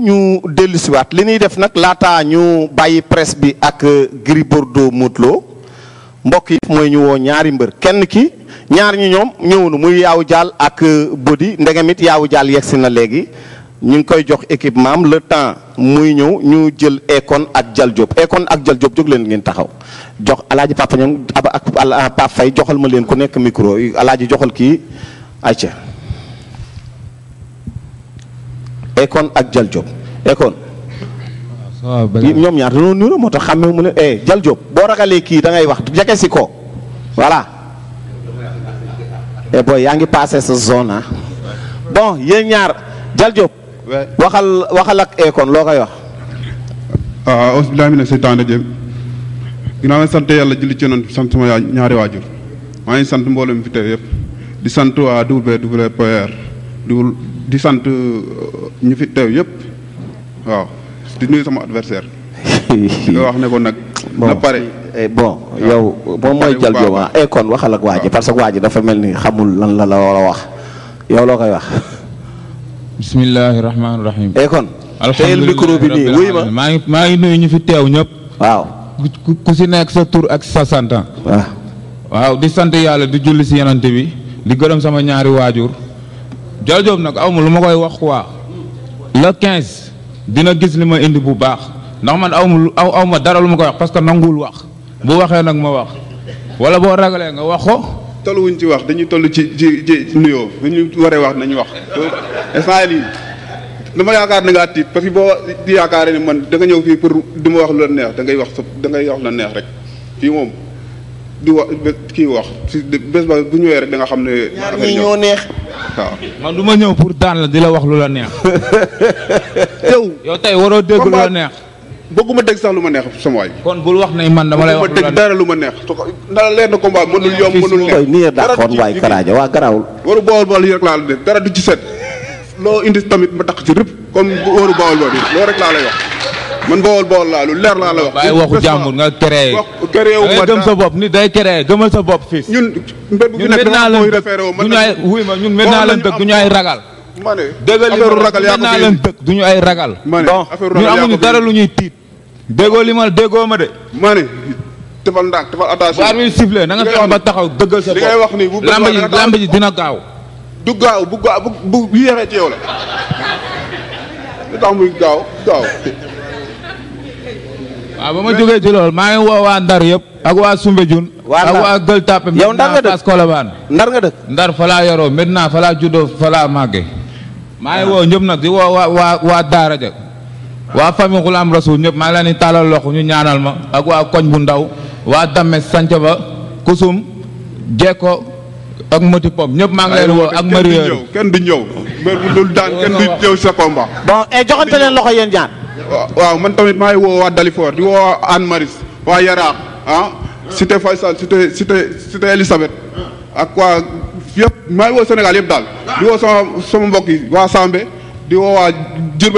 ñu dellu siwaat li ñuy def nag laata ñu bàyyi presse bi ak euh, Gris Bordeaux Modou Lô mbokk yi mooy ñu woo ñaari mbër kenn ki ñaar ñi ñoom ñëwunu muy yaawu jaal ak euh, bodi ndegamit yaawu jaal yegsi na léegi ñu ngi koy jox équipement am le temps muy ñëw ñu jël Ekon ak Jal Diop Ekon ak Jal Diop jóg leen ngeen taxaw jox alaaji Papa Niang ak Pape fay joxal ma leen ku nekk micro alaaji joxal kii acc Akon ak Jal Diop Akon. ñoom ñaar dañoo niroo moo tax xam mu ne eh Jal Diop boo ragalee kii da ngay wax jege si ko voilà. et eh, yaa ngi paase sa zone ah. bon yéen ñaar Jal waxal waxal ak Akon loo koy wax. waaw ah, bismilaahi mina seytaani rajiim ginnaaw sant yàlla julli ci yonent sant sama ñaari waajur maa ngi sant mbooloo mi fi teew yëpp di sant waa WWPR di sant euh, ñu fi teew yëpp waaw di nuyu sama adversaire nga nag na pare eh, bon yow moom mooy jal jooma e waxal ak waa parce que waa ji dafa mel ni xamul lan la la war wax yow loo koy wax bismillahi rahmaani rahim e eh, kon teyel nii maa ngi maa nuyu ñu fi teew ñëpp waaw ku si nekk sa tur ak sa santan waaw di sant yàlla di julli si yenante bi di gërëm sama ñaari waajur Dial Diop nag aw lu ma koy wax waa le 15 dina gis li ma indi bu baax ndax man aw ma aw ma dara lu ma koy wax parce que nanguwul wax bu waxee nag ma wax wala boo ragalee nga wax ko. toll wuñ ci wax dañuy toll ci ci ci nuyoo bu ñu waree wax nañu wax yi yii dama yaakaar na ngaa tiit parce que boo di yaakaaree ne man da nga ñëw fii pour du ma wax lu la neex dangay wax sa da ngay wax lu la neex rek fii moom. di wax kii wax si bés ba bu ñëwee rek da nga xam ne. ñaar neex. waaw man du ma ñëw pour daan la di la wax lu la neex. yow yow tey waroo dégg lu la neex. bëgguma dégg sax lu ma neex sama waay. kon bul wax ne man dama lay wax lu la neex dara lu ma neex. ndax leer na combat mënul yomb mënul neex. nii la dàqoon waay Karaja waa garaawul. waru bool bool yi rek la def dara du ci set. loo indi tamit ma tax ci rëpp. comme waru bool bool yi loolu rek laa lay wax. man bool bool laa lu leer laa la wax. waaye waxu jàmbur nga créé. wax gëm sa bopp nit day créé gëmal sa bopp fii. ñun mbër bu fi nekk dafa mooy référé woo mën nañu wuy ma ñun mën naa leen dëkk du ñu ay ragal. ma ne affaire naa leen dëkk ñu ay ragal. ma ne affaire ragal yaa ko ñun amuñu dara lu ñuy tiit. déggoo li ma déggoo ma de. ma ne defal ndànk defal attention. waar bi na nga fexe ba taxaw dëggal sa bopp. li ngay wax nii bu lamb ji dina gaaw. du gaaw bu gaaw bu bu yéexee ci la. waa ba ma jógee ci loolu maa ngi woo waa Ndar yëpp ak waa Soumbédioune ak waa Gueule Tapée yow Ndar nga fa laa yoroo maintenant fa laa juddoo fa laa maa ngi ah. woo ñëpp nag di woo waa daara ja waa famille Xulam Rasul ñëpp maa ngi leen di ñu ñaanal ma ak waa koñ bu ndaw waa Dames Sanca ba Kusum Jekko ak Moti Pom ñëpp maa ngi leen woo ak Marieur kenn ñëw kenn bu dul daan kenn ñëw sa combat bon eh, joxante leen loxo yéen ñaar waaw man tamit maa ngi woo waa di woo waa Anne Maris waa Yaraax ah cité Faysal cité cité cité ak waa yëpp maa ngi Sénégal yëpp daal di woo sama sama mbokk yi waa Sambe di woo waa Diourbel